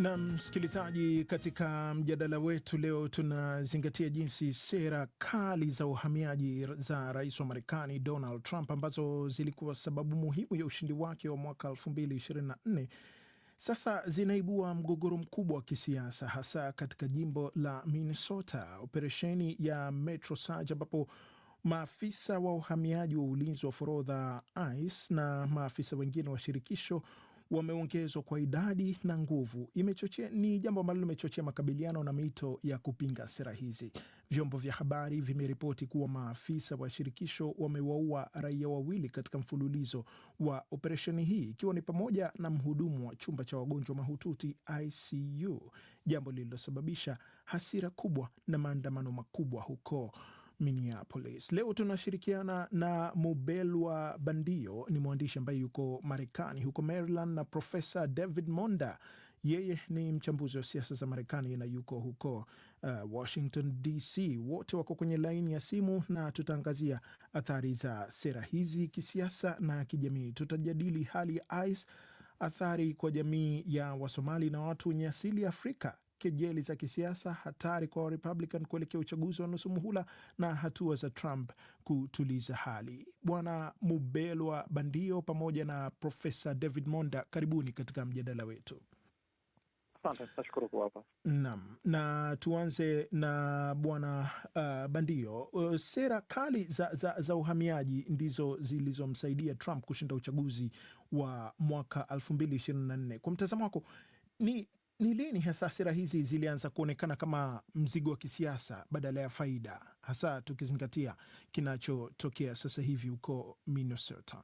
Na msikilizaji, katika mjadala wetu leo tunazingatia jinsi sera kali za uhamiaji za rais wa Marekani Donald Trump ambazo zilikuwa sababu muhimu ya ushindi wake wa mwaka 2024 sasa zinaibua mgogoro mkubwa wa kisiasa hasa katika jimbo la Minnesota. Operesheni ya Metro Surge ambapo maafisa wa uhamiaji wa ulinzi wa forodha ICE na maafisa wengine wa shirikisho wameongezwa kwa idadi na nguvu imechochea, ni jambo ambalo limechochea makabiliano na mito ya kupinga sera hizi. Vyombo vya habari vimeripoti kuwa maafisa wa shirikisho wamewaua raia wawili katika mfululizo wa operesheni hii, ikiwa ni pamoja na mhudumu wa chumba cha wagonjwa mahututi ICU, jambo lililosababisha hasira kubwa na maandamano makubwa huko Minneapolis. Leo tunashirikiana na Mubelwa Bandio, ni mwandishi ambaye yuko Marekani, huko Maryland, na Profesa David Monda, yeye ni mchambuzi wa siasa za Marekani na yuko huko uh, Washington DC. Wote wako kwenye laini ya simu na tutaangazia athari za sera hizi kisiasa na kijamii. Tutajadili hali ya ICE, athari kwa jamii ya Wasomali na watu wenye asili ya Afrika kejeli za kisiasa, hatari kwa Warepublican kuelekea uchaguzi wa nusu muhula na hatua za Trump kutuliza hali. Bwana Mubelwa Bandio pamoja na Profesa David Monda, karibuni katika mjadala wetu. Naam, na tuanze na bwana uh, Bandio. Uh, sera kali za, za, za uhamiaji ndizo zilizomsaidia Trump kushinda uchaguzi wa mwaka 2024. Kwa mtazamo wako, ni ni lini hasa sera hizi zilianza kuonekana kama mzigo wa kisiasa badala ya faida, hasa tukizingatia kinachotokea sasa hivi huko Minnesota?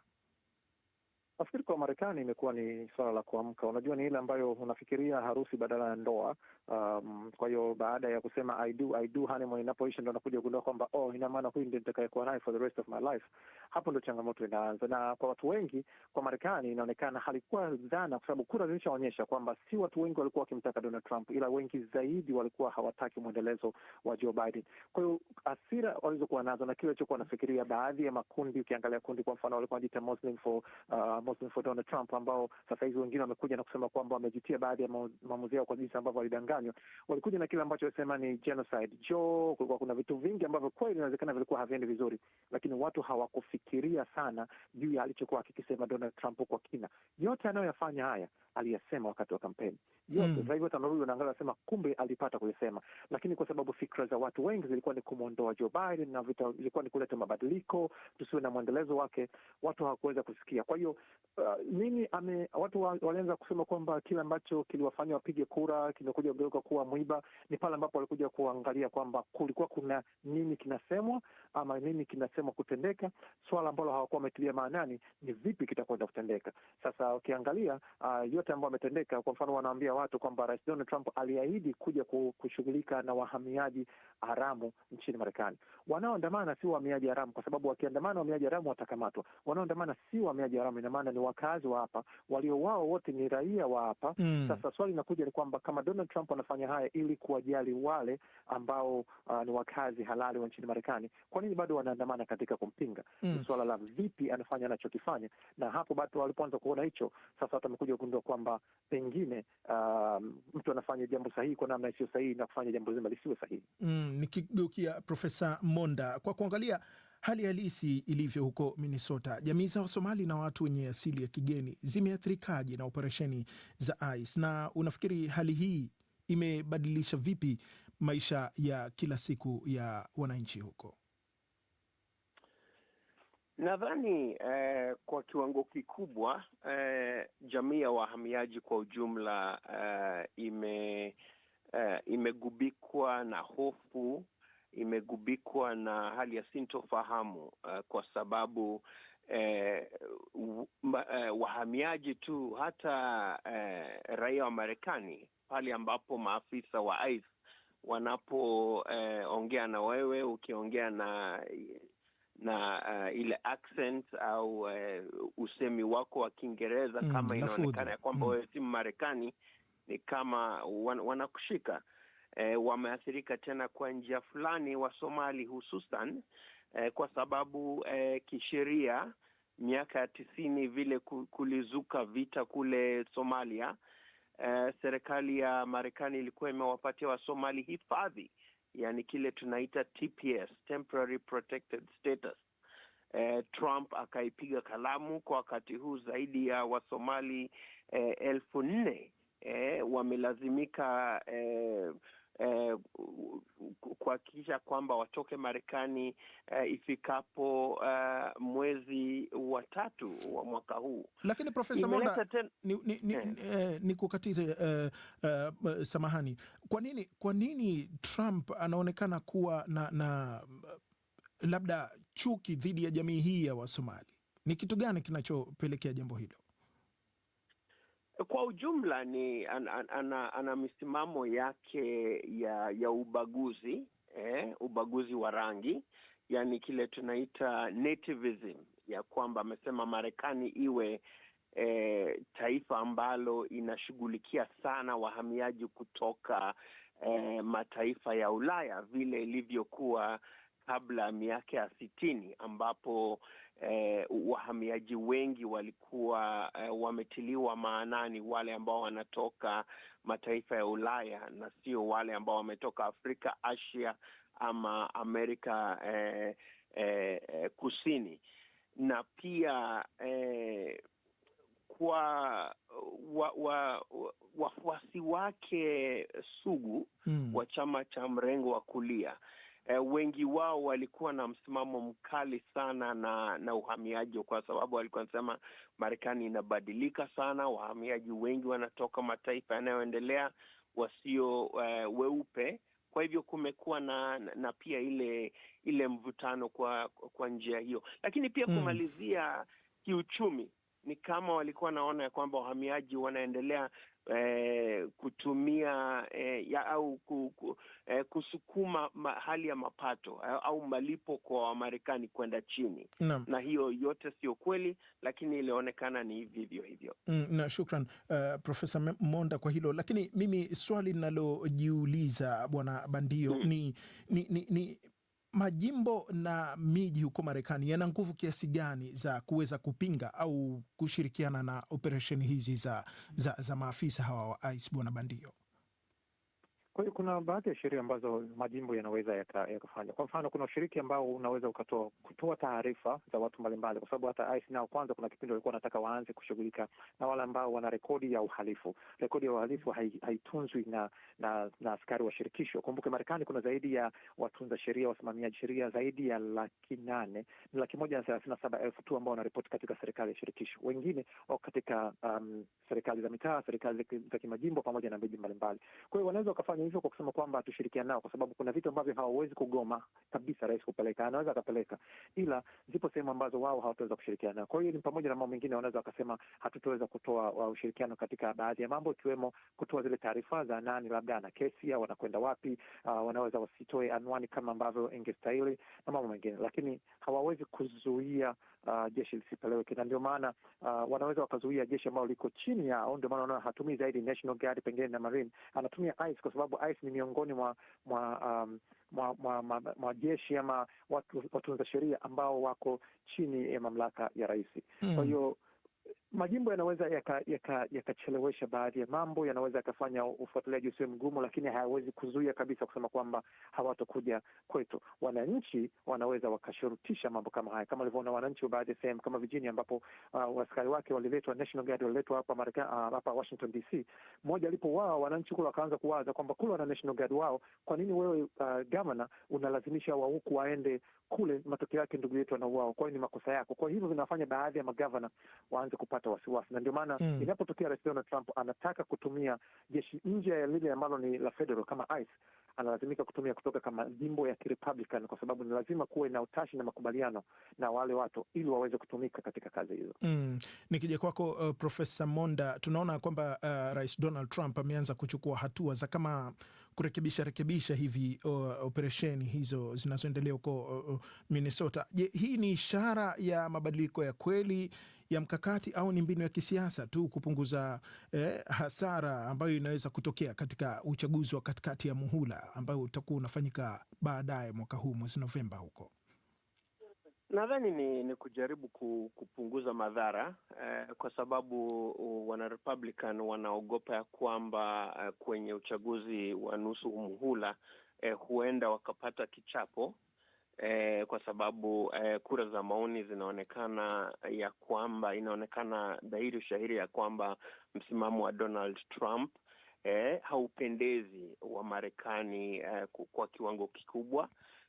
Nafikiri kwa Marekani imekuwa ni suala la kuamka. Unajua, ni ile ambayo unafikiria harusi badala ya ndoa. Um, kwa hiyo baada ya kusema I do, I do honeymoon inapoisha, ndo anakuja kugundua kwamba oh, ina maana huyu ndio nitakayekuwa naye for the rest of my life. Hapo ndo changamoto inaanza, na kwa watu wengi kwa Marekani inaonekana halikuwa dhana, kwa sababu kura zilishaonyesha kwamba si watu wengi walikuwa wakimtaka Donald Trump, ila wengi zaidi walikuwa hawataki mwendelezo wa Joe Biden. Kwa hiyo asira walizokuwa nazo na kile alichokuwa wanafikiria baadhi ya makundi, ukiangalia kundi kwa mfano walikuwa wanajiita Muslim for um, ambazo zimefua Donald Trump, ambao sasa hizi wengine wamekuja na kusema kwamba wamejutia baadhi ya maamuzi yao kwa jinsi ambavyo walidanganywa. Walikuja na kile ambacho wasema ni genocide jo. Kulikuwa kuna vitu vingi ambavyo kweli inawezekana vilikuwa haviendi vizuri, lakini watu hawakufikiria sana juu ya alichokuwa akikisema Donald Trump kwa kina. Yote anayoyafanya haya aliyasema wakati wa kampeni yote mm. hivi mm. Watanzania wanaangalia wanasema, kumbe alipata kuisema, lakini kwa sababu fikra za watu wengi zilikuwa ni kumwondoa Joe Biden na vita ilikuwa ni kuleta mabadiliko, tusiwe na mwendelezo wake, watu hawakuweza kusikia. Kwa hiyo uh, nini ame, watu wa, walianza kusema kwamba kile ambacho kiliwafanya wapige kura kimekuja kugeuka kuwa mwiba ni pale ambapo walikuja kuangalia kwamba kulikuwa kuna nini kinasemwa ama nini kinasemwa kutendeka, swala ambalo hawakuwa wametilia maanani ni vipi kitakwenda kutendeka. Sasa ukiangalia uh, yote ambayo ametendeka, kwa mfano wanaambia watu kwamba Rais Donald Trump aliahidi kuja kushughulika na wahamiaji haramu nchini Marekani. Wanaoandamana si wahamiaji haramu, kwa sababu wakiandamana wahamiaji haramu watakamatwa. Wanaoandamana si wahamiaji haramu, ina maana ni wakazi wa hapa, walio wao wote ni raia wa hapa mm. Sasa swali linakuja ni kwamba kama Donald Trump anafanya haya ili kuwajali wale ambao uh, ni wakazi halali wa nchini Marekani, kwa nini bado wanaandamana katika kumpinga mm. suala la vipi anafanya anachokifanya, na hapo bado walipoanza kuona hicho sasa, watu wamekuja kugundua kwamba pengine uh, Um, mtu anafanya jambo sahihi kwa namna isiyo sahihi na kufanya jambo zima lisiwe sahihi. Mm, nikigeukia Profesa Monda, kwa kuangalia hali halisi ilivyo huko Minnesota, jamii za Wasomali na watu wenye asili ya kigeni zimeathirikaje na operesheni za ICE, na unafikiri hali hii imebadilisha vipi maisha ya kila siku ya wananchi huko? Nadhani eh, kwa kiwango kikubwa eh, jamii ya wahamiaji kwa ujumla eh, ime eh, imegubikwa na hofu, imegubikwa na hali ya sintofahamu eh, kwa sababu eh, eh, wahamiaji tu hata eh, raia wa Marekani pale ambapo maafisa wa ICE wanapoongea eh, na wewe ukiongea na na uh, ile accent au uh, usemi wako wa Kiingereza mm, kama inaonekana ya kwamba mm. wewe si Marekani, ni kama wan, wanakushika eh, wameathirika tena kwa njia fulani wa Somali hususan eh, kwa sababu eh, kisheria miaka ya tisini vile kulizuka vita kule Somalia eh, serikali ya Marekani ilikuwa imewapatia Wasomali hifadhi yani kile tunaita TPS, temporary protected status. Eh, Trump akaipiga kalamu kwa wakati huu zaidi ya Wasomali eh, elfu nne eh, wamelazimika eh, eh, kuhakikisha kwamba watoke Marekani eh, ifikapo eh, mwezi wa tatu wa mwaka huu. Lakini Profesa Monda ten... ni, ni, ni, eh. Eh, ni kukatize eh, eh, samahani, kwa nini kwa nini Trump anaonekana kuwa na, na labda chuki dhidi ya jamii hii ya Wasomali? Ni kitu gani kinachopelekea jambo hilo? kwa ujumla ni an, an, ana, ana misimamo yake ya ya ubaguzi eh, ubaguzi wa rangi, yaani kile tunaita nativism, ya kwamba amesema Marekani iwe eh, taifa ambalo inashughulikia sana wahamiaji kutoka eh, mataifa ya Ulaya vile ilivyokuwa kabla miaka ya sitini ambapo eh, wahamiaji wengi walikuwa eh, wametiliwa maanani wale ambao wanatoka mataifa ya Ulaya na sio wale ambao wametoka Afrika, Asia ama Amerika eh, eh, Kusini na pia eh, kwa wa, wa, wa, wafuasi wake sugu hmm, wa chama cha mrengo wa kulia eh, wengi wao walikuwa na msimamo mkali sana na na uhamiaji, kwa sababu walikuwa wanasema Marekani inabadilika sana, wahamiaji wengi wanatoka mataifa yanayoendelea wasio eh, weupe. Kwa hivyo kumekuwa na, na pia ile ile mvutano kwa kwa njia hiyo, lakini pia hmm. kumalizia kiuchumi ni kama walikuwa wanaona ya kwamba wahamiaji wanaendelea eh, kutumia eh, ya, au ku, ku, eh, kusukuma ma, hali ya mapato eh, au malipo kwa Wamarekani kwenda chini na, na hiyo yote sio kweli, lakini ilionekana ni vivyo hivyo mm, na shukran uh, Profesa Monda kwa hilo, lakini mimi swali linalojiuliza Bwana Bandio mm. ni, ni, ni, ni majimbo na miji huko Marekani yana nguvu kiasi gani za kuweza kupinga au kushirikiana na operesheni hizi za, za, za maafisa hawa wa ICE, Bwana Bandio? Kwa hiyo kuna baadhi ya sheria ambazo majimbo yanaweza yakafanya. Kwa mfano, kuna ushiriki ambao unaweza ukatoa kutoa taarifa za watu mbalimbali, kwa sababu hata ICE nao kwanza, kuna kipindi walikuwa wanataka waanze kushughulika na wale ambao wana rekodi ya uhalifu. Rekodi ya uhalifu haitunzwi hai na, na na askari wa shirikisho. Kumbuke Marekani kuna zaidi ya watunza sheria, wasimamiaji sheria zaidi ya laki nane ni laki moja na thelathini na saba elfu tu ambao wanaripoti katika serikali ya shirikisho, wengine wako katika um, serikali za mitaa, serikali za kimajimbo pamoja na miji mbalimbali. Kwa hiyo wanaweza wakafanya hivyo kwa kusema kwamba tushirikiane nao, kwa sababu kuna vitu ambavyo hawawezi kugoma kabisa rais kupeleka, anaweza akapeleka, ila zipo sehemu ambazo wao hawataweza kushirikiana nao. Kwa hiyo ni pamoja na mambo mengine, wanaweza wakasema hatutaweza kutoa uh, ushirikiano katika baadhi ya mambo, ikiwemo kutoa zile taarifa za nani labda ana kesi au wanakwenda wapi. Uh, wanaweza wasitoe anwani kama ambavyo ingestahili na mambo mengine, lakini hawawezi kuzuia uh, jeshi lisipeleweke, na ndio maana uh, wanaweza wakazuia jeshi ambalo liko chini yao, ndio maana wanaona hatumii zaidi National Guard pengine na Marine, anatumia ICE kwa sababu sababu ICE ni miongoni mwa mwa um, mwa, mwa, mwa, mwa jeshi ama watu watunza sheria ambao wako chini ya mamlaka ya rais. Kwa hmm. hiyo majimbo yanaweza yakachelewesha yaka, yaka baadhi ya mambo, yanaweza yakafanya ufuatiliaji usiwe mgumu, lakini hayawezi kuzuia kabisa kusema kwamba hawatokuja kwetu. Wananchi wanaweza wakashurutisha mambo kama haya, kama alivyoona wananchi wa baadhi ya sehemu kama Virginia, ambapo uh, waskari wake waliletwa, National Guard waliletwa hapa Marekani, uh, hapa Washington DC. Mmoja alipo wao, wananchi kule wakaanza kuwaza kwamba kule wana National Guard wao, kwa nini wewe uh, gavana unalazimisha wa huku waende kule, matokeo yake ndugu yetu anauawa, kwa hiyo ni makosa yako. Kwa hivyo vinafanya baadhi ya magavana waanze kupata wasiwasi, na ndio maana mm. inapotokea Rais Donald Trump anataka kutumia jeshi nje ya lile ambalo ni la federal kama ICE analazimika kutumia kutoka kama jimbo ya Kirepublican kwa sababu ni lazima kuwe na utashi na makubaliano na wale watu ili waweze kutumika katika kazi hizo. Mm. Nikija kwako uh, Profesa Monda, tunaona kwamba uh, Rais Donald Trump ameanza kuchukua hatua za kama kurekebisha rekebisha hivi operesheni hizo zinazoendelea huko Minnesota. Je, hii ni ishara ya mabadiliko ya kweli ya mkakati au ni mbinu ya kisiasa tu kupunguza eh, hasara ambayo inaweza kutokea katika uchaguzi wa katikati ya muhula ambayo utakuwa unafanyika baadaye mwaka huu mwezi Novemba huko? Nadhani ni, ni kujaribu kupunguza madhara eh, kwa sababu wanarepublican wanaogopa ya kwamba eh, kwenye uchaguzi wa nusu muhula eh, huenda wakapata kichapo eh, kwa sababu eh, kura za maoni zinaonekana ya kwamba inaonekana dhahiri ushahiri ya kwamba msimamo wa Donald Trump eh, haupendezi wa Marekani eh, kwa kiwango kikubwa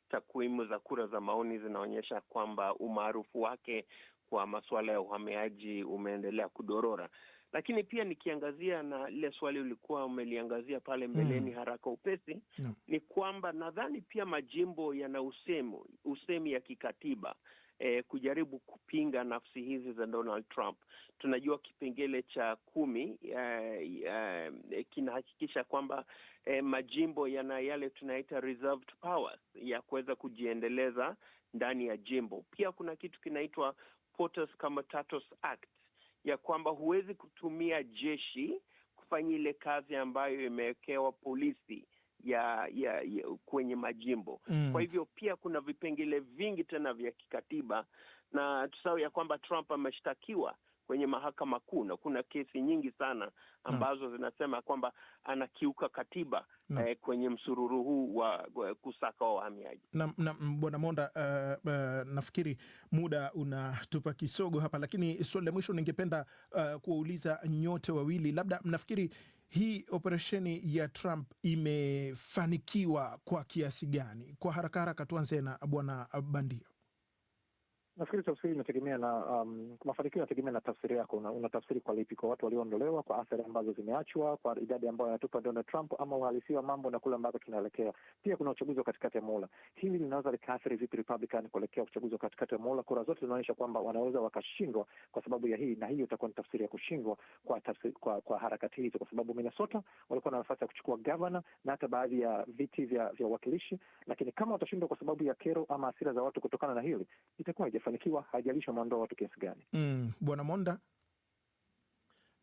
takwimu za kura za maoni zinaonyesha kwamba umaarufu wake kwa masuala ya uhamiaji umeendelea kudorora. Lakini pia nikiangazia na lile swali ulikuwa umeliangazia pale hmm. mbeleni, mm. haraka upesi no. ni kwamba nadhani pia majimbo yana usemu usemi ya kikatiba eh, kujaribu kupinga nafsi hizi za Donald Trump. Tunajua kipengele cha kumi eh, eh, kinahakikisha kwamba eh, majimbo yana yale tunaita reserved powers ya kuweza kujiendeleza ndani ya jimbo. Pia kuna kitu kinaitwa Comitatus Act ya kwamba huwezi kutumia jeshi kufanya ile kazi ambayo imewekewa polisi ya, ya, ya kwenye majimbo mm. Kwa hivyo pia kuna vipengele vingi tena vya kikatiba, na tusahau ya kwamba Trump ameshtakiwa kwenye mahakama kuu na kuna kesi nyingi sana ambazo no. zinasema kwamba anakiuka katiba no. eh, kwenye msururu huu wa kusaka wahamiaji. Naam, na, Bwana Monda, uh, uh, nafikiri muda unatupa kisogo hapa, lakini swali la mwisho ningependa uh, kuwauliza nyote wawili, labda mnafikiri hii operesheni ya Trump imefanikiwa kwa kiasi gani? Kwa haraka haraka tuanze na bwana bandio Nafikiri tafsiri inategemea na um, mafanikio inategemea na tafsiri yako, unatafsiri una kwa lipi, kwa watu walioondolewa, kwa athari ambazo zimeachwa, kwa idadi ambayo anatupa Donald Trump, ama uhalisia wa mambo na kule ambako tunaelekea. Pia kuna uchaguzi wa katikati ya muhula, hili linaweza likaathiri vipi Republican kuelekea uchaguzi wa katikati ya muhula? Kura zote zinaonyesha kwamba wanaweza wakashindwa kwa sababu ya hii, na hiyo itakuwa ni tafsiri ya kushindwa kwa, kwa, kwa harakati hizo, kwa sababu Minnesota walikuwa na nafasi ya kuchukua gavana na hata baadhi ya viti vya uwakilishi, lakini kama watashindwa kwa sababu ya kero ama hasira za watu kutokana na hili itakuwa kufanikiwa, hajalishi wameondoa watu kiasi gani. Mm, Bwana Monda.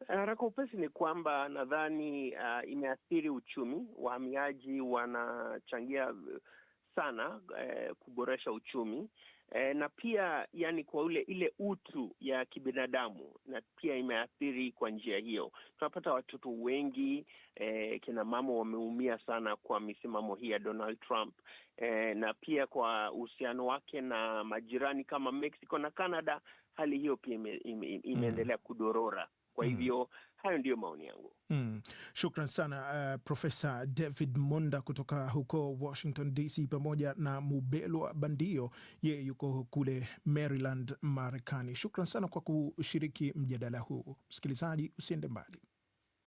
Eh, haraka upesi ni kwamba nadhani uh, imeathiri uchumi. Wahamiaji wanachangia eh, sana eh, kuboresha uchumi e, na pia yani kwa ule ile utu ya kibinadamu, na pia imeathiri kwa njia hiyo. Tunapata watoto wengi e, kina mama wameumia sana kwa misimamo hii ya Donald Trump e, na pia kwa uhusiano wake na majirani kama Mexico na Canada, hali hiyo pia imeendelea ime, ime, ime mm. kudorora kwa mm. hivyo Hayo ndiyo maoni yangu. Mm. Shukran sana uh, Profesa David Monda kutoka huko Washington DC, pamoja na Mubelwa Bandio, yeye yuko kule Maryland, Marekani. Shukran sana kwa kushiriki mjadala huu. Msikilizaji, usiende mbali.